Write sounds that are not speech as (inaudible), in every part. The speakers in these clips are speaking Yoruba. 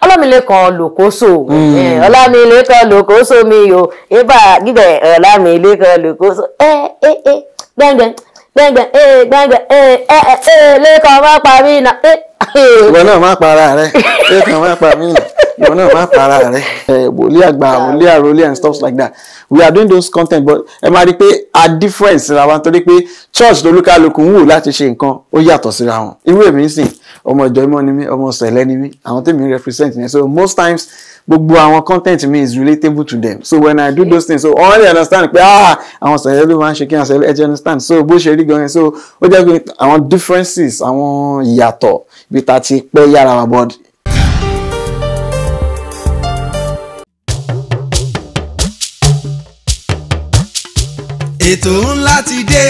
ọlámilékan lòkóso mm. eh, ọlámilékan lòkóso mi o ibà gígbẹ ọlámilékan lòkóso ẹ eh, ẹ eh, ẹ gbẹngbẹ gbẹngbẹ ẹ gbẹngbẹ ẹ ẹ ẹ lẹkan má pa mí nà ẹ. ìwọ náà má para rẹ lẹkan má pa mí nà ìwọ náà má para rẹ wòlíì àgbà wòlíì àròlé and stuff like that we are doing those content but ẹ máa rí i pé a difference ra wa nítorí pé church lolúkálukú ń wò láti ṣe nǹkan ó yàtọ̀ síra wọn irú èmi ń sìn ọmọ ìjọ ìmọ̀ ni mí ọmọ sẹ̀lẹ̀ ni mí àwọn tèmi represent me. so most times gbogbo àwọn content mi is relatable to them so when i do those things so all they understand pé ah àwọn sẹ̀lẹ̀ ló máa ń ṣe kí àwọn sẹ̀lẹ̀ ẹ ti understand so bó ṣe rí gan-an so ó jẹ́ pé àwọn differences àwọn ìyàtọ̀ bí ta ti pẹ́ yára wa but ètò ńlá ti dé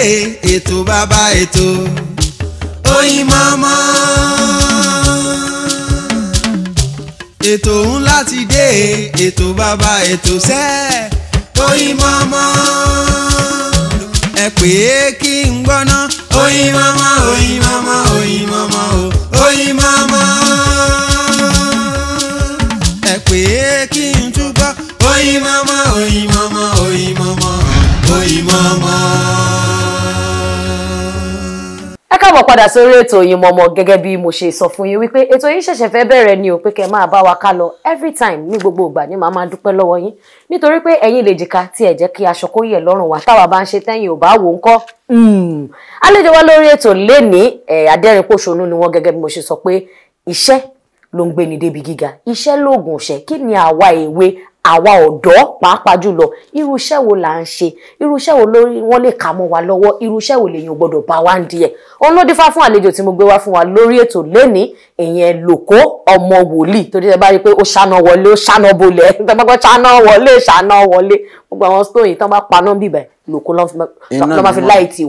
ètò bàbá ètò Oyin mama. ètò ńlá ti dé ètò bàbá ètò sẹ́ Oyin mama. ẹ pè é kí n gbọ́ná Oyin mama Oyin mama Oyin mama o Oyin mama. ẹ pè é kí n túbọ̀ Oyin mama Oyin mama Oyin mama Oyin mama káàbọ̀ padà sórí ètò Oyinmomo gẹ́gẹ́ bí mo ṣe sọ fún yín wípé ètò yìí ṣẹ̀ṣẹ̀ fẹ́ bẹ̀rẹ̀ ni o pé kẹ́ máa bá wa ká lọ every time ní gbogbo ìgbà ni màá máa dúpẹ́ lọ́wọ́ yín nítorí pé ẹ̀yin lè jìkà tí ẹ̀ jẹ́ kí aṣọ kó yẹ̀ lọ́rùn wa táwa bá ń ṣe tẹ́yìn ò bá wò ń kọ́. Hmm. àlejò wa lórí ètò lénìí adẹ́rìnpòṣónú ni wọ́n gẹ́gẹ́ bí mo ṣe sọ pé iṣẹ́ àwa ọ̀dọ́ pàápàá jùlọ irú iṣẹ́ wo là ń ṣe irú iṣẹ́ wo lórí wọ́n lè kà mọ́ wa lọ́wọ́ irú iṣẹ́ wo lèèyàn gbọ́dọ̀ bá wa ń díẹ̀ òun ló dífá fún àlejò tí mo gbé wá fún wa lórí ètò lẹ́ni ìyẹn lòkó ọmọ wòlíì torí ẹ bá rí i pé ó ṣáná wọlé ó ṣáná bolẹ̀ (laughs) tọ́pẹ́pẹ́ ṣáná wọlé ṣáná wọlé gbogbo àwọn stóyìn tán bá paná bíbẹ̀ lòkó lọ́ fi láì tì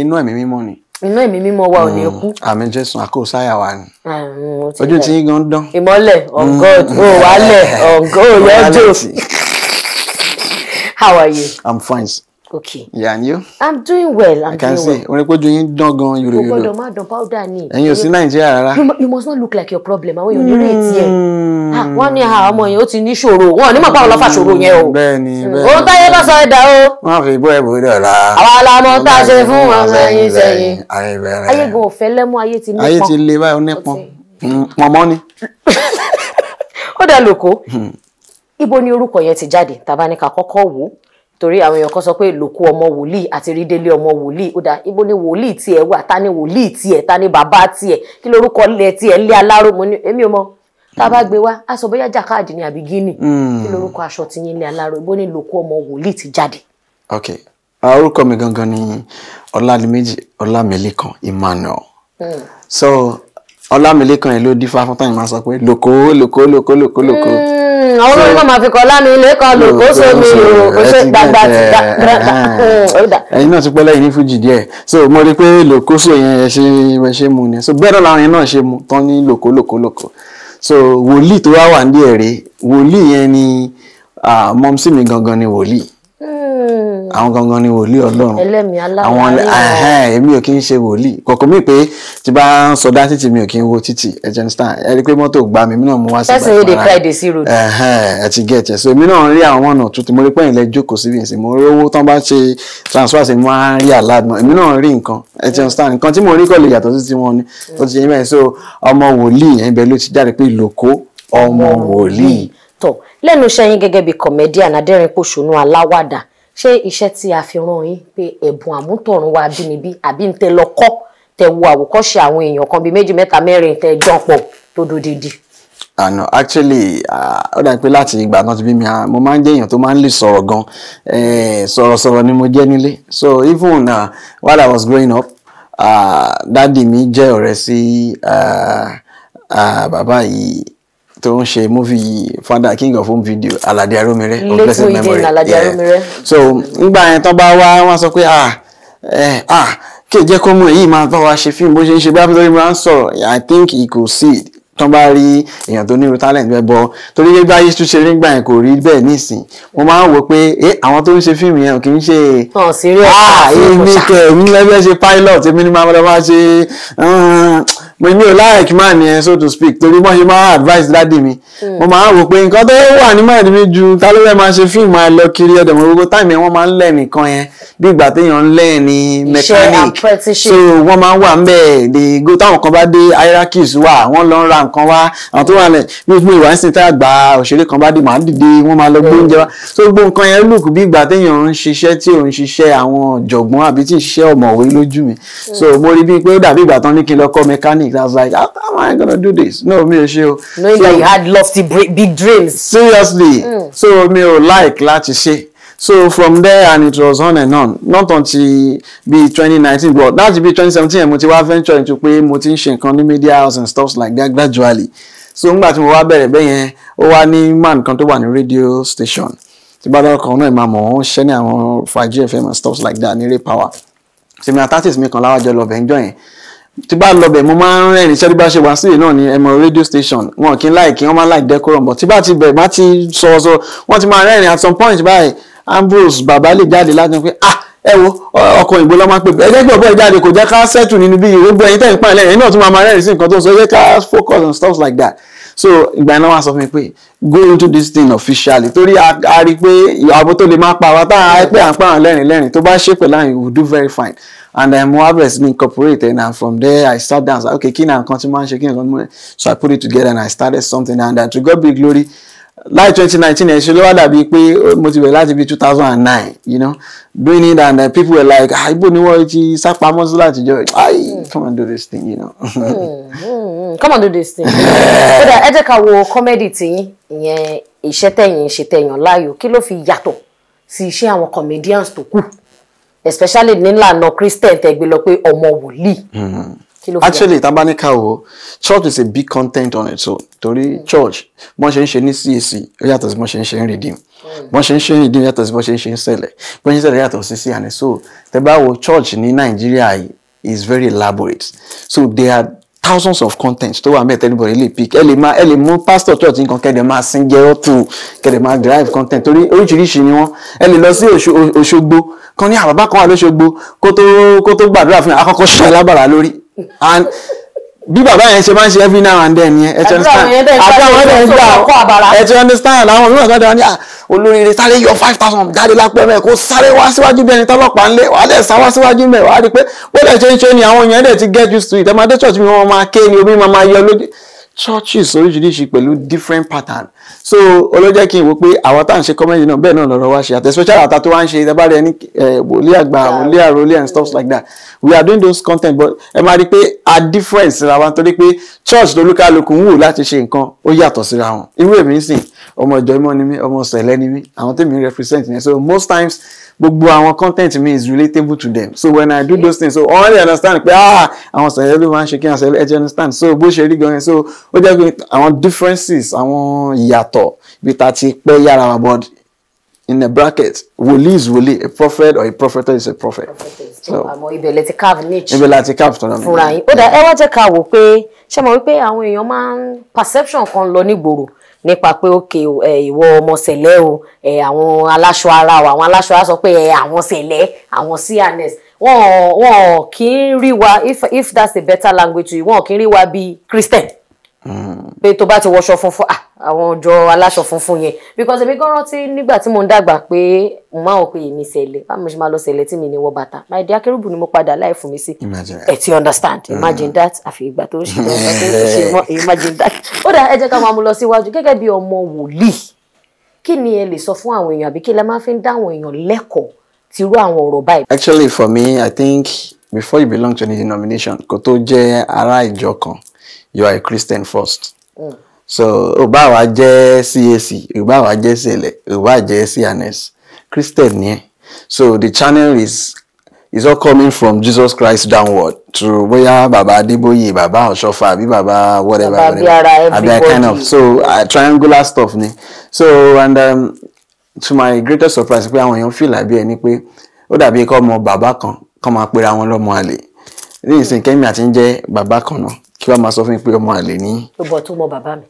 inú ẹ̀mí mímọ́ ni inú ẹ̀mí mímọ́ wa ò ní mm. kú. àmín jésù àkóòsáyà wa ni. ojú tí yín gan dán. ìmọ́lẹ̀ on oh mm. god o oh, wálẹ̀ on oh god o (laughs) yẹ how are you. i'm fine. Okay. Yeah, and you? I'm doing well. I'm I can doing see. Well. When you yin don gan yoro yoro. Gbọ́dọ̀ má dán powder ni. Ẹ̀yin ò sí Nàìjíríà rárá. You must not look like your problem. Àwọn èèyàn ní rè tiẹ̀. Wọ́n ní àwọn ọmọ yẹn ó ti ní ṣòro. Wọ́n ní mọ̀ pé àwọn lọ́fà ṣòro yẹn o. Bẹ́ẹ̀ni mm. bẹ́ẹ̀ni. Òun táyé bá sọ ẹ̀dá o. Wọ́n fi bọ́ ẹ̀bù dọ̀la. Àwọn alamọ tá a ṣe fún wọn sẹ́yìn sẹ́yìn. Ayé gan ò fẹ́ lẹ́mú ayé ti nípọn. Ayé ti le báyìí ó nípọn. Mm, Pọ̀nmọ́ ni. (laughs) Ó dẹ̀ lóko. Hmm. Ibo ni orúkọ yẹn ti jáde? Tàbá ní ká kọ́kọ́ wò ó torí àwọn èèyàn kan sọ pé lòkú ọmọ wòlíì àti rídélé ọmọ wòlíì ó dáa ibo ni wòlíì tiẹ̀ wà ta ni wòlíì tiẹ̀ ta ni bàbá tiẹ̀ kí lorúkọ lẹ tiẹ̀ lé aláró mo ní èmi ò mọ tá a bá gbé wá a sọ bóyá jàkáàdì ni àbí gíní hmm. kí lorúkọ aṣọ ti yín lé aláró ibo ni lòkú ọmọ wòlíì ti jáde. ok orúkọ mi gangan ni ọlámilẹ́kan ọlámilẹ́kan emmanuel hmm. so ọlámilẹ́kan yẹn ló dífá fún táyìn máa sọ pé lòkó lòkó lòkó lòkó lòkó. Hmm àwọn hmm, olóńgbò máa fi kọ́ lánàá ilé kan lò kó so mi o kó so gbàgbà ti gbàgbà. ẹyin (laughs) náà ti pẹ́ lẹ́yìn ní fújì díẹ̀ so mo rí i pé lòkóso yẹn ẹ ṣe ẹ ṣe mu ni so bẹ́ẹ̀ náà làwọn yẹn náà ṣe mu tán ní lòkó lòkó lòkó so wòlíì tó wá wà ní ẹ̀rẹ́ wòlíì yẹn ni mọ́mísí mi gangan ni wòlíì àwọn gangan ni wòlíì ọlọ́run ẹlẹ́mìí aláwọ̀ èmi ò kí ń ṣe wòlíì kòkó mi pé tí bá ń sọdá títì mi ò kí ń wo títì ẹ̀jẹ̀ ń sàn ẹ rí i pé mọ́tò gbá mi náà mo wá sí ìgbà tó rà ẹ ti gẹ̀ẹ́tẹ̀ so èmi náà rí àwọn ọ̀nà tuntun mo rí pẹ́yìn lẹ jókòó síbi ìsìn mo rí owó tán bá ṣe transfer sí mo á rí àládùn èmi náà rí nǹkan ẹ̀jẹ̀ ń sàn nǹkan tí mo rí kọ́ lè yàtọ̀ wọn ni ó ti yẹ mẹ́rin so ọmọ wòlíì yẹn ibẹ̀ ló ti jáde pé ìlòkó ọmọ wòlíì. tọ lẹ́nu iṣẹ́ yín gẹ́gẹ́ bíi comedian adẹ́rìnpòṣónú aláwàdà ṣé iṣẹ́ tí a fi rán yín pé ẹ̀bùn àmútọ̀run wa bínibí àbí ń tẹ lọ tẹ wo àwòkọ́ṣe àwọn èèyàn kan bíi méjì mẹ́ta mẹ́rin tẹ jọ pọ̀ tó dodidi. Ah, àná actually ah, ó dàbí pé láti ìgbà náà ti bí mi ah, mo máa ń jẹ́ èèyàn tó máa ń lè sọ̀rọ̀ gan eh, sọ̀rọ̀sọ̀rọ̀ ni mo jẹ́ nílé so even uh, while I was growing up uh, dádì mi jẹ́ ọ̀rẹ́ sí bàbá yìí tó ń ṣe movie founder king of home video Alade Aromire of blessed memory yeah. so nígbà yẹn tán bá wá wọn sọ pé ah eh, ah kí jẹ́ kó mú èyí máa bá wa ṣe fíìmù bó ṣe ń ṣe bí abúlé máa ń sọ̀rọ̀ i think he could see it tán bá rí èèyàn tó ní irú talent bẹ́ẹ̀ bọ́ torí gbé báyé tún ṣe nígbà yẹn kò rí bẹ́ẹ̀ nísìn mo máa ń wò pé ẹ eh, àwọn tó ń ṣe fíìmù yẹn kì í ṣe ah èmi kẹ èmi lẹ́gbẹ́ ṣe pilot èmi ni màá lọ ṣe ah, mo ní o láìkí máa ní ẹ so to speak torí wọ́n ṣe máa advice dáàdì mi hmm. mo máa ń wò pé nǹkan tó wà ní máa mi ju ta ló fẹ́ máa ṣe fíìmù máa lọ kiri ẹ̀dẹ̀ mo gbogbo táìmì ẹ̀ wọ́n máa ń lẹ̀ nìkan yẹn bí ìgbà téèyàn ń lẹ̀ ní mechanic so wọ́n máa ń wà ńbẹ̀ de go táwọn kan bá dé hierarchies wà wọ́n lọ ń ra nǹkan wá àwọn tó wà lẹ̀ bí fún ìwà ìsìn tá àgbà òṣèré kan bá dé màá dìde wọ́n máa lọ gbé oúnjẹ wá so gbogbo nǹkan yẹn look bí ìgbà téèyàn ń ṣiṣẹ́ tí ò ń ṣiṣẹ́ àwọn ọ̀jọ̀gbọ́n àbí tí ìṣiṣẹ́ ọ̀mọ̀wé lójú mi hmm. so mo rí bíi pé ó dàbí ìgbà tán ní kí n lọ kọ́ mechanic week. I was like, how, am I going to do this? No, me ò ṣe Knowing so, that you had lofty big dreams. Seriously. Mm. So me ò like láti ṣe. So from there and it was on and on. Not until bí 2019 but láti bí 2017 I'm ti wá venture into pé mo ti media house and stuff like that gradually. So I'm going to be bẹ̀rẹ̀ bẹ́yẹn ó wá ní man kan tó wà ní radio station tí bá dọ́kọ̀ náà máa mọ̀ ọ́n ṣẹ́ ní àwọn fàájì fm and stuff like that ní ray power sèmi àtàtìs mi kan I'm going to ń jọ yẹn tí bá lọ bẹ̀ mo máa ń rẹ́rìn sẹ́rí bá ṣe wá sílẹ̀ náà ní ẹ̀mọ radio station wọn kì í láìkí wọn máa láìkí decorum bọ̀ tí bá ti bẹ̀ má ti sọ̀rọ̀sọ̀rọ̀ wọ́n ti máa rẹ́rìn at some point báyìí Ambrose bàbá lè jáde láti pé ah ẹ wo ọkọ òyìnbó lọ́ máa ń pè bẹ́ẹ̀ ẹgbẹ́ ọ̀bẹ ìjáde kò jẹ́ ká settle nínú bí ìrógbó ẹyin tẹ̀yìn pààlẹ́ ẹ̀yin náà tún máa máa rẹ́rìn sí nǹkan tó ń sọ ẹ jẹ́ ká focus on stuff like that so ìgbà iná wa sọ fún mi pé go into this thing officially torí a rí i pé àbótó lè máa pa wa tá a pé à ń pa àwọn lẹ́rìn lẹ́rìn tó bá ṣe pẹ̀lú àyìn we will do very fine and then Moab wá bẹ̀rẹ̀ sí and from there I sat down and said okay kí ni nǹkan shaking, mo máa ń so I put it together and I started something and then uh, to God be glory láì 2019, I should know that be dàbí pé mo ti bẹ̀rẹ̀ you know doing it and uh, people were like ah ibo ni wọ́n ti sápamọ́ sí hmm. come and do this thing you know. Hmm, hmm, come and do this thing. (laughs) kódà ẹ jẹ́ ká wo kọ́mẹ́dì tiyín ìyẹn iṣẹ́ tẹ̀yìn ṣe tẹ̀yàn láàyò you, ló fi yàtọ̀ sí iṣẹ́ àwọn comedians tó kù especially nílànà christian tẹ̀gbẹ́ lọ pé ọmọ wòlíì. Mm-hmm. actually tá a bá ní ká wo church is a big content on it. So, torí mm. church bọ́n ṣe ń ṣe ní CAC ó yàtọ̀ sí bọ́n ṣe ń ṣe ń redeem mm. bọ́n ṣe ń ṣe ń redeem yàtọ̀ sí bọ́n ṣe ń ṣe ń sẹ̀lẹ̀ bọ́n ṣe ń sẹ̀lẹ̀ yàtọ̀ sí sí àná so tẹ́ bá wo church ní Nàìjíríà is very elaborate so they are thousands of contents tó wà ń bẹ̀ tẹ́lifọ̀ ilé pic ẹ lè máa ẹ lè mú pastor church nǹkan kẹ́dẹ̀ máa sin jẹ́ up to kẹ́dẹ̀ máa drive content torí oríṣiríṣi ni wọ́n ẹ lè lọ sí Òṣogbo kan ní àbábá kan wà lóṣogbo kó tó kó tó gbàdúrà fún yàrá àkọ́kọ́ ṣe alábàrà lórí and bí bàbá yẹn ṣe máa ń ṣe every now and then yẹn ẹ understand àti àwọn ẹ̀dẹ̀ ń gbà ẹ ti understand àwọn mìíràn kan ní olóríire sáré yọ five thousand jáde lápẹ́ mẹ́ kó sáré wá síwájú bí ẹni tọ́lọ́pàá ń lé wàá dẹ̀ sá wá síwájú mẹ́ wàá rí i pé wọ́n dẹ̀ ṣe ń ṣe ni àwọn èèyàn dẹ̀ ti get used to it ẹ máa dé church mi wọ́n máa ké ni omi máa máa yọ lójú churches oríṣiríṣi pẹ̀lú different pattern so olójẹ́ kí n wò pé àwọn tá à ń ṣe comedy náà bẹ́ẹ̀ náà lọ́rọ̀ wá ṣe àti especially àtà tó wá ń ṣe ìdábà rẹ ní wòlé àgbà wòlé àròlé and stuff like that we are doing those content but ẹ máa rí i pé a difference ra wa nítorí pé church lolúkálukú ń wò láti ṣe nǹkan ó yàtọ̀ síra wọn irú èmi ń sìn ọmọ ìjọ ìmọ̀ ni mí ọmọ sẹ̀lẹ̀ ni mí àwọn tèmi represent ni so most times gbogbo àwọn content mi is relatable to them so when I do those things so all they understand pé ah àwọn sẹ̀lẹ̀ ló máa ń ṣe kí àwọn sẹ̀lẹ̀ ẹ̀jẹ̀ understand so bó ṣe rí gan-an so ó jẹ́ pé àwọn differences àwọn ìyàtọ̀ ibi tá a ti pẹ́ yára wa but in a bracket wòlíì is wòlíì a prophet or a prophet is a prophet. àmọ́ ibẹ̀ lẹ ti carve niche. ibẹ̀ carve tọ́lá mi. fúnra yín ó dá ẹ wá jẹ́ ká wò pé ṣé mo wí pé àwọn èèyàn máa ń perception kan lọ nígboro nípa pé òkè ìwọ ọmọ sẹ̀lẹ́ o àwọn aláṣọ ara o àwọn aláṣọ ara sọ pé àwọn sẹ̀lẹ́ àwọn cns wọn kì í rí wa if that's a better language wọn kì í rí wa bíi christian pé tó bá ti wọṣọ funfun ah, àwọn ọjọ́ aláṣọ funfun yẹn because èmi gan rántí nígbà tí mo ń dàgbà pé mo máa wọ pé èmi ṣẹlẹ̀ báwo mo ṣe máa lọ ṣẹlẹ̀ tí mi ní wọ bàtà máa di akérúbù ni mo padà láì fún mi sí ẹ ti understand mm. imagine that àfi ìgbà tó ṣe lọ tó ṣe mọ imagine that ó dà ẹ jẹ́ ká máa mú lọ síwájú gẹ́gẹ́ bí ọmọ wòlíì kí ni ẹ lè sọ fún àwọn èèyàn àbí kí lẹ máa fi ń dá àwọn èèyàn lẹ́kọ̀ọ́ ti rú àwọn ọ̀rọ̀ báyìí. actually for me i think before you belong to any denomination kò tó jẹ́ ará ìjọ kan you are a Christian first. Mm. So ó bá wa jẹ́ CAC, ó bá wa jẹ́ CLE, ó bá jẹ́ CNS, Christian ni. So the channel is is all coming from Jesus Christ downward to bóyá Baba, Adébóyè, Baba, Ọ̀ṣọ́fà àbí bàbá whatever Baba, whatever. Àbí kind of so uh, triangular stuff ni. So and um, to my greatest surprise pé àwọn èèyàn feel àbí ẹni pé ó dàbí kọ́ ọmọ bàbá kan kọ́ máa pera wọn lọ́mọ àlè. Ní ìsìn kẹ́mi àti ń jẹ́ Baba kan no kí wàá máa sọ fún mi pé ọmọ àlè ní.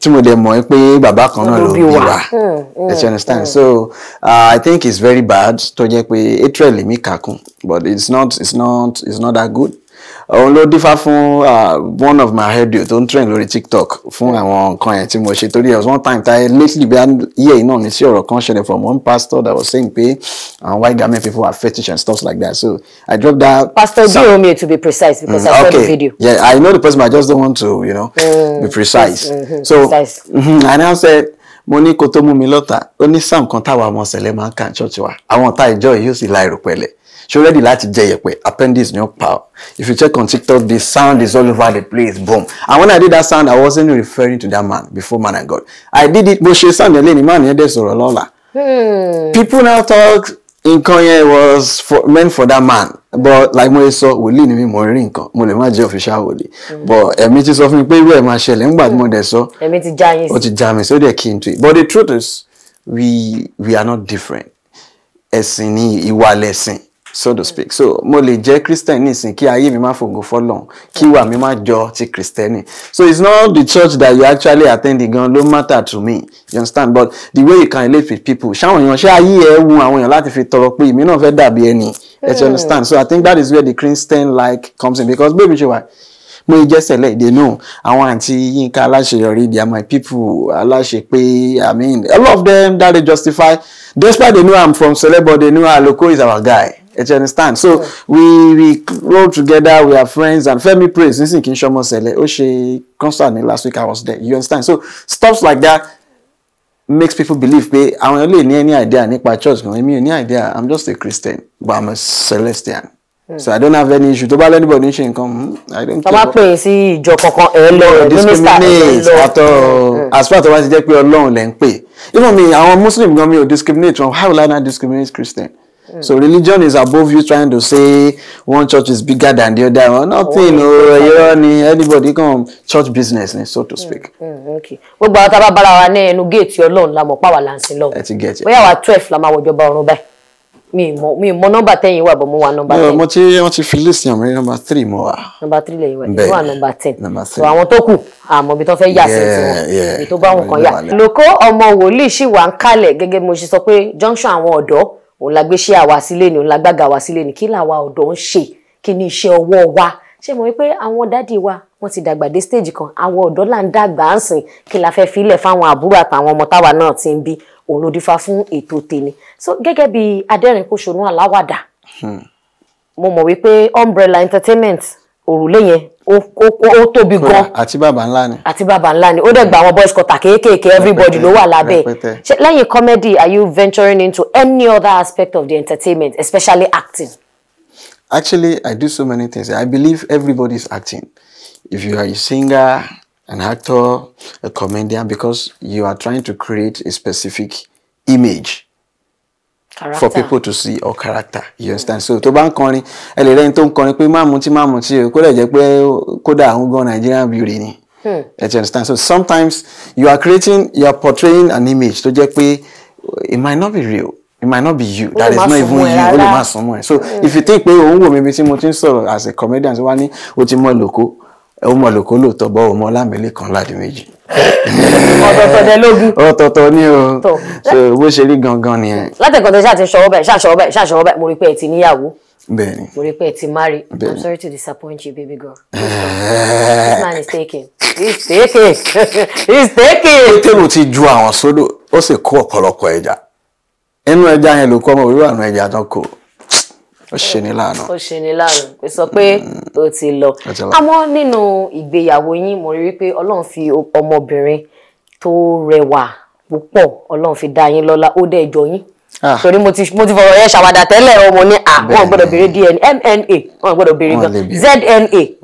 tí mo dẹ̀ mọ̀ ẹ́ pé bàbá kan náà ló bí wa hmm, hmm, ẹ ti understand hmm. so uh, I think it's very bad tó jẹ́ pé hatred lèmi kà but it's not it's not it's not that good òun ló dífá fún one of my audio tó ń trend lórí tiktok fún àwọn nǹkan yẹn tí mo ṣe torí there was one time táyé lately bí iye yìí náà ní sí ọ̀rọ̀ kan ṣẹlẹ̀ from one pastor that was saying pé àwọn white garment people are fetish and stuff like that so i dropped that. pastor diomi to be precise because mm, i saw okay. the video. yeah i know the person but i just don't want to you know mm, be precise. Yes, mm -hmm, so precise. Mm-hmm, i now said mo ní kó tó mú mi lọ́ta ó ní sam kan táwa ọmọ ṣẹlẹ̀ máa ń kà ní ṣọ́ọ̀ṣì wa àwọn ọ̀tá ìjọ yìí yóò sì la èrò pẹ̀lẹ́ She already ready láti jẹ yẹ̀pẹ̀ appendix ni ó if you check on tiktok the sound is all over the place boom and when i did that sound i wasn't referring to that man before man and god i did it but she sound ẹ lẹ́nu man yẹn dẹ̀ sọ̀rọ̀ lọ́la hmm. people now talk in yẹn was for, meant for that man but like mo sọ wòlíì ni mi mo rí nǹkan mo lè má jẹ́ official wòlíì hmm. but ẹ̀mí ti sọ fún mi pé irú ẹ̀ máa ṣẹlẹ̀ nígbà tí mo hmm. dẹ̀ sọ ẹ̀mí ti já yín sí ti já mi so dẹ̀ keen to it but the truth is we we are not different ẹ̀sìn ni ìwà lẹ̀sìn so to speak so mo lè jẹ́ christian nísìn kí ayé mi má fògo fọ́lọ́run kí ìwà mi má jọ ti christiani so it's not the church that you actually attend gan ló matter to me you understand but the way you can relate with people ṣáwọn èèyàn ṣé ayé ẹ wu àwọn èèyàn láti fi tọrọ pé èmi náà fẹ́ dàbí ẹni ẹ hmm. understand so i think that is where the christian like comes in because baby ṣe wà mo jẹ́ sẹ̀lẹ̀ èdè náà àwọn àǹtí Yínká Aláṣeyọrí they are my people aláṣepé i mean a lot of them that they justify despite they know i'm from Sele they know Aloko is our guy ẹ ti understand so yeah. we we roll together we are friends and Femi praise nisin kì í ṣọmọ sẹlẹ ó ṣe concert ni last week I was there you understand so stuff like that makes people believe pé àwọn èèyàn lè ní any idea nípa church gan èmi ò ní idea I'm just a Christian but I'm a Celestian hmm. so I don't have any issue tó bá lẹ́nu bọ̀ ní ṣe nǹkan hmm, I don't care. tọ́ba pè sí ìjọ kankan ẹ̀ lọ mínísítà ẹ̀ lọ hmm. as far as ọba ti jẹ́ pé ọlọ́run lẹ́ ń pè even mi àwọn muslim gan mi ò discriminate wọn how will I not discriminate Christian. Hmm. Mm. So religion is above you trying to say one church is bigger than the other one. Nothing, oh, oh irọ́ ni anybody come church business so to mm, speak. Mm, Gbogbo àwọn tábà bára wa ní ẹnu géètì Ọlọ́run la mọ̀ páwà là ń sin lọ́wọ́. Ẹ ti gẹ̀ẹ́tì. Bóyá wa twelve la máa wọjọba ọ̀run Me me mọ mi mọ nọ́mbà tẹ́yìn wà number. No, wà nọ́mbà tẹ́yìn. Mo ti wọ́n ti fi three mo wà. Nọ́mbà three lẹ́yìn wà Number wà nọ́mbà ten. So àwọn tó kù àmọ́ ibi tó fẹ́ yà sí tiwọn. Ibi tó bá wọn kan yà. Lóko ọmọ wòlíì ṣì wà ń kalẹ̀ gẹ́gẹ́ bí mo ṣe junction àwọn òun la gbéṣẹ́ àwa sílé ni òun la gbága àwa sílé ni kí làwa ọ̀dọ́ ń ṣe kí ni iṣẹ́ ọwọ́ wa ṣé mo wípé àwọn dádì wa wọ́n ti dàgbà dé stage kan àwọn ọ̀dọ́ là ń dàgbà á sìn kí la fẹ́ filẹ̀ fáwọn àbúrò àtàwọn ọmọ táwa náà ti ń bí òun ló dífá fún ètò tèmi so gẹ́gẹ́ bí adẹ́rìn ín aláwàdà hmm. mo mọ̀ wípé umbrella entertainment òrùlé yẹn ó tóbi gan àti bàbá ńlá ni àti bàbá ńlá ni ó dẹ̀ gba àwọn boys quarter kéékèèké everybody ló wà lábẹ́ lẹ́yìn comedy are you venturing into any other aspect of the entertainment especially acting. Actually, I do so many things. I believe everybody is acting. If you are a singer, an actor, a comedian, because you are trying to create a specific image character. for people to see or character you understand so tó bá ń kọrin ẹ lè rẹ́ni tó ń kọrin pé má mutí má mutí kó lè jẹ́ pé kódà àwọn gan Nigerian beauty ni hmm. ẹ understand so sometimes you are creating you are portraying an image tó jẹ́ pé it might not be real it might not be you that is not even you Only lè má sún ẹ so hmm. if you think pé òun wò mí bí tí mo ti ń sọ̀rọ̀ as a comedian tí wọ́n á ní o ti mọ lòkó o mọ lòkó lóòótọ́ bọ́ o mọ ọlámẹ́lẹ́ kan láti méjì ọ̀tọ̀ọ̀tọ̀ dẹ lógún. ọ̀tọ̀ọ̀tọ̀ ni o so bó ṣe rí gangan nìyẹn. látẹ̀kọ́ tó ṣáà ti ṣọwọ́ báyìí ṣáà ṣọwọ́ báyìí ṣáà ṣọwọ́ báyìí mo rí pé ẹ ti níyàwó. bẹ́ẹ̀ni mo rí pé ẹ ti marry i'm sorry to disappoint you baby girl. (laughs) this man is taking he's taking (laughs) he's taking. pétérù ti ju àwọn sódò ó sì kó ọ̀pọ̀lọpọ̀ ẹja inú ẹja yẹn ló kọ́ ọmọ òwúrọ̀ àwọn ẹja tán kò. O ṣe ní láàánú. ó ṣe ní láàánú pé sọ pé ó mm. ti lọ àmọ́ nínú ìgbéyàwó yín mo rí i pé Ọlọ́run fi ọmọbìnrin tó rẹwà púpọ̀ Ọlọ́run fi dá yín lọ́lá ó dẹ̀ jọ yín ah. torí mo ti mo ti fọ̀rọ̀ yẹn ṣàwádà tẹ́lẹ̀ ọmọ ní à wọn gbọ́dọ̀ béèrè DNA mna wọn gbọ́dọ̀ béèrè gan zna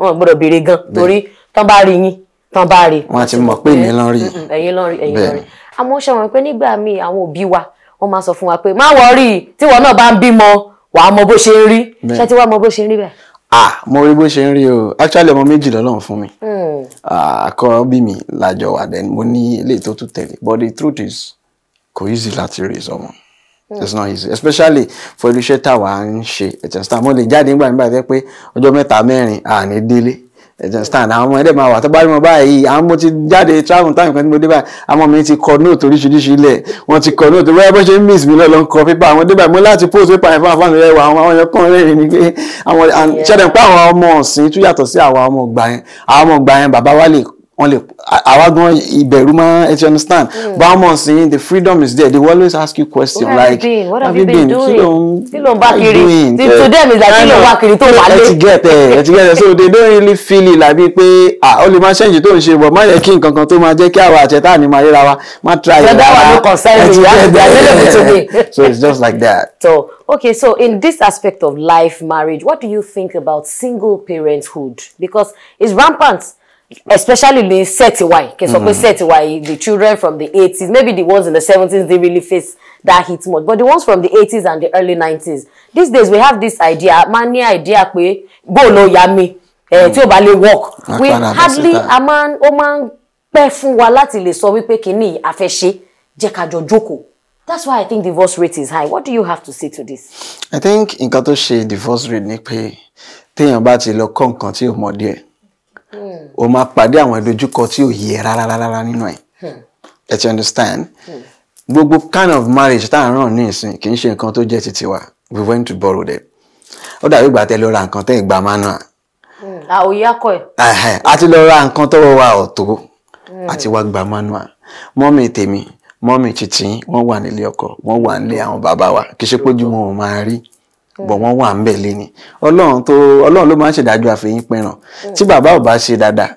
wọn gbọ́dọ̀ béèrè gan torí tán bá rí yín tán bá rí. wọn ti mọ̀ pé èmi lọ rí. ẹ̀yin lọ rí ẹ̀yin lọ rí àmọ́ ṣe wọn pé nígbà míì àwọn òbí wa wọn máa sọ fún wa pé má wọrí tíwọ náà bá ń bímọ wàá mọ bó ṣe ń rí ṣé ti wá mọ bó ṣe ń rí bẹ́ẹ̀. ah mo rí bó ṣe ń rí o actually ọmọ méjì lọ́lọ́run fún mi hmm. àkọ́bí mi làjọ wà then mo ní ilé tó tún tẹ̀lé but the truth is kò easy láti rí sọmọ hmm. it's not easy especially for iléeṣẹ́ táwa ń ṣe ẹ̀tẹ̀sítà mo lè jáde nígbà nígbà tẹ́ pé ọjọ́ mẹ́ta mẹ́rin à ní délé understand àwọn ọmọ ẹ̀dẹ̀ máa wà tó bá rí wọn báyìí àwọn mo ti jáde travel time kan tí mo dé báyìí àwọn mi ti kọ note oríṣiríṣi lẹ̀ wọ́n ti kọ note bóyá bó ṣe ń miss mi lọ́ọ́ ló ń kọ pépà àwọn débà mo láti post pépà yẹn fún àfáàní rẹ̀ wà àwọn àwọn yẹn kàn rẹ́rìn ni pé àwọn ṣẹ̀dẹ̀ pé àwọn ọmọ ọ̀sìn tún yàtọ̀ sí àwọn ọmọ ọgbà yẹn àwọn ọmọ ọgbà yẹn bàbá wa lè wọn lè àwa gan ìbẹ̀rù máa ẹ ti understand but i'm on saying the freedom is there they will always ask you question what like been? what have you been doing kí ló ń bá kiri to eh, them is like kí ló ń bá kiri tó wà lé. ẹ ti get ẹ ẹ ti get ẹ so they don't really feel it like pé ah ó lè máa ṣẹ́yìn tó ń ṣe but má yẹ kí nǹkan kan tó máa jẹ́ kí àwọn àtẹ̀tà ni máa yẹra wa má try it. ṣẹ̀dá wà ló kàn sẹ́yìn ìyá ìdílé so it's just like that. so okay so in this aspect of life marriage what do you think about single parenthood because it's rampant especially the set wa yìí kí n sọ pé mm. set why? the children from the 80s, maybe the ones in the 70s, they really face that heat much but the ones from the 80s and the early 90s, these days we have this idea máa ní idea pé bóòlù ọ̀yà mi mm. tí ò bá lè work we hardly a máa ó máa ń pẹ́ fún wa láti lè sọ wípé kínní àfẹ́ṣe jẹ́ ká jọ jókòó that's why i think divorce rate is high what do you have to say to this. i think nǹkan tó ṣe divorce rate ni pé téèyàn bá ti lọ kọ́ nǹkan tí ò mọ̀ o máa pàdé àwọn ìdojúkọ tí ò yẹ rárá rárá nínú ẹ̀ hmm. ẹ ti understand hmm. gbogbo kind of marriage tá à ń ràn ní ìsìn kì í ṣe nǹkan tó jẹ́ ti tiwa we went to borrow them ó dàbí ìgbà tẹ́ lọ ra nǹkan tẹ́ ìgbà manual. Hmm. àòyá kọ ẹ. a ti lọ ra nǹkan tọ́wọ́ wa ọ̀tọ̀ àti wá gba manual mọ́mì tèmi mọ́mì títí wọ́n wà nílé ọkọ wọ́n wà nílé àwọn bàbá wa kì í ṣe pójú wọn máa rí bọ̀ wọ́n wà ń bẹ̀ lẹ́ni ọlọ́run tó ọlọ́run ló máa ń ṣèdájọ́ àfẹ́yìn pẹ̀ràn tí bàbá ò bá ṣe dáadáa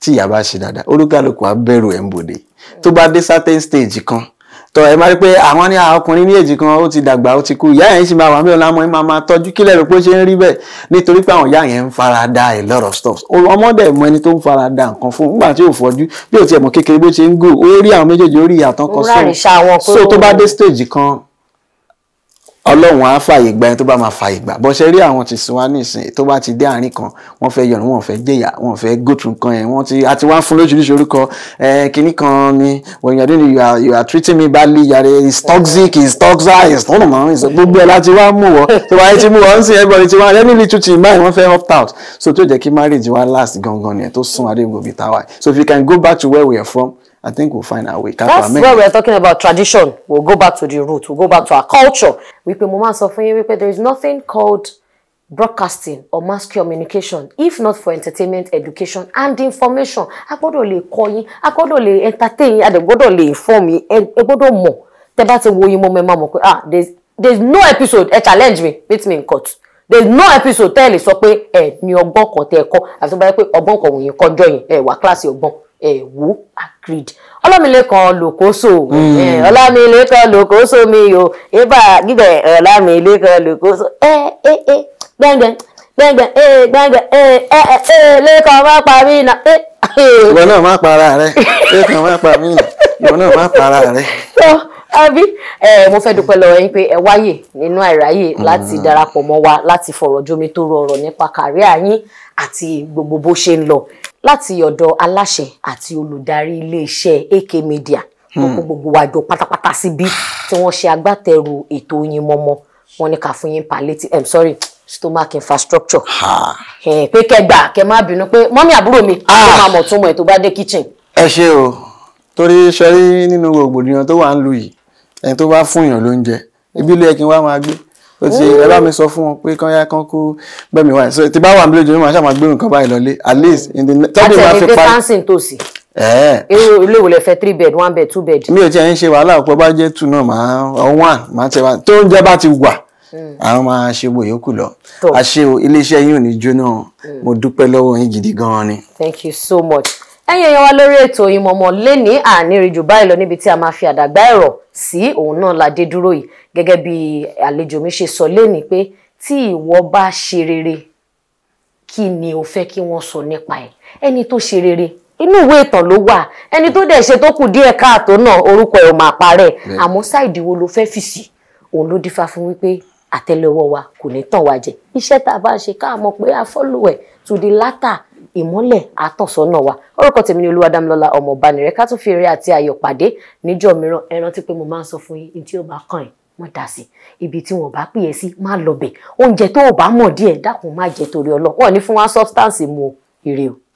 tí ìyá bá ṣe dáadáa olúkálùkù á bẹ̀rù ẹ̀ ń bòde tó bá dé certain stage kan tọ ẹ máa rí pé àwọn ní ọkùnrin ní èjì kan ó ti dàgbà ó ti kú ìyá yẹn sì máa wà mẹ́rin lámọ́ ẹ máa máa tọ́jú kílẹ̀ rẹ̀ pé ó ṣe ń rí bẹ́ẹ̀ nítorí pé àwọn ìyá yẹn ń fara da a lot of stuff ọmọdé mọ ẹni tó ń fara da nǹkan fún nígbà tí ò fọjú bí ò tiẹ̀ mọ̀ kékeré bó ṣe ń gò ó rí àwọn méjèèjì ó rí ìyàtọ̀ kan sóun so tó bá dé stage kan ọlọ́run á fàyè gba ẹni tó bá máa fàyè gbà bó ṣe rí àwọn ti sin wá nísìn tó bá ti dé àárín kan wọ́n fẹ́ yọ̀rùn wọ́n fẹ́ jẹ̀yà wọ́n fẹ́ gòtù nǹkan yẹn wọ́n ti àti wá fún lójúlójú orúkọ kínní kan ni when you are you are treating me badly yàrá is toxic is toxic is tọ́nà mọ́ is gbogbo ẹ̀ láti wá mú wọ́ tó bá yẹ ti mú wọ́ ń sin everybody ti wá every little thing báyìí wọ́n fẹ́ opt out so tó jẹ́ kí marriage wa last gangan nìyẹn tó sún adébòbí táwa so if you can go back to where we are from I think we'll find our way. That's where we're talking about tradition. We'll go back to the root. We'll go back to our culture. Wípé mo máa ń sọ there is nothing called broadcasting or mass communication if not for entertainment education and information. A gbọ́dọ̀ lè kọ́ yín, a gbọ́dọ̀ entertain yín, a dẹ̀ gbọ́dọ̀ lè inform yín, ẹ gbọ́dọ̀ mọ̀. Tẹ́ wo yín ah there's there's no episode ẹ challenge me meet me in court. There's no episode Tell ẹ lè sọ pé ẹ ní ọgbọ́n kan tẹ́ ẹ kọ́ àti tó bá yẹ pé ọgbọ́n kan wòye kọjọ́ yẹn ẹ ẹ̀wú agreed ọlámilékan lòkóso hmm. ọlámilékan lòkóso mi o ibà gbígbẹ eh, ọlámilékan lòkóso ẹ eh, ẹ eh, ẹ gbẹngbẹ gbẹngbẹ ẹ gbẹngbẹ ẹ ẹ ẹ lẹkan má pa mí nà ẹ. ìwọ náà má para rẹ lẹkan má pa mí nà ìwọ náà má para rẹ. àbí ẹ mo fẹ́ dúpẹ́ lọ́wọ́ yín pé ẹ wáyè nínú àìráyè hmm. láti darapọ̀ mọ́ wa láti fọ̀rọ̀ jomi tó rọrọ̀ nípa kàríà yín àti gbogbo bó ṣe ń lọ láti ọ̀dọ̀ aláṣẹ àti olùdarí iléeṣẹ́ AK Media wọ́n hmm. kó gbogbo wa jọ pátápátá síbí tí wọ́n ṣe agbátẹrù ètò Oyin Mọ́mọ́ wọ́n ní ká fún yín palliative i'm sorry stomach infrastructure pé kẹgbà kẹ má bínú pé mọ́mí àbúrò mi ló ah. máa mọ̀ túmọ̀ ẹ̀ tó bá dé kitchen. ẹ ṣe o torí ṣẹrí nínú gbogbo ènìyàn tó wà ń lu yìí ẹni tó bá fún èèyàn lóúnjẹ hmm. ibi ilé ẹkin wa máa gbé ó ti ẹ bá mi sọ fún wọn pé kán yá kán kó gbẹmí wáyé so tí bá wà nílé ojoojúmọ́ àṣà máa gbé nǹkan báyìí lọlé at least in the tọ́jú máa fi parí. àtẹ̀lé pé tòsí. irú ilé ìwòlẹ̀ fẹ́ three bed one bed two bed. mi ò tiẹ̀ ń ṣe wàhálà ọ̀pọ̀ bá jẹ́ two náà máa one máa tẹ̀ wá tó ń jẹ́ bá ti wà hmm. àwọn máa ṣe wo yòókù lọ àṣe iléeṣẹ́ yín ò ní jóná hmm. mo dúpẹ́ lọ́wọ́ yín gidi gan-an ni. thank you so much ẹ̀yin èèyàn wa lórí ètò ìmọ̀mọ̀ lẹ́ni àníri jù báyìí lọ níbi tí a máa fi àdàgbà ẹ̀rọ sí òun náà la dé dúró yìí gẹ́gẹ́ bí àlejò mi ṣe sọ lẹ́ni pé tí ìwọ bá ṣe rere kí ni o fẹ́ kí wọ́n sọ nípa ẹ̀ ẹni tó ṣe rere inú ìwé ìtàn ló wà ẹni tó dẹ̀ ṣe tó kù díẹ̀ káàtó náà orúkọ ẹ̀ ò máa parẹ́ àmọ́ sáìdì wo ló fẹ́ fi sí òun ló dífá fún wípé àtẹ́lẹwọ́ wa kò ní tàn wá jẹ iṣẹ́ tá a bá ṣe ká pé a fọ́lù ẹ̀ to the ìmọ́lẹ̀ àtọ̀sọ́nà wa orúkọ tèmi ni olúwadámilọ́lá ọmọ ọ̀bánirẹ́ ká tún fi eré àti ayọ̀ pàdé níjọ́ mìíràn ẹ rántí pé mo máa ń sọ fún yín tí ó bá kàn yín wọ́n dà sí ibi tí wọ́n bá pè é sí má lọ bẹ̀ oúnjẹ tó o bá mọ̀ díẹ̀ dákun má jẹ torí ọlọ́ wọ́n ní fún wa substance mu ire o.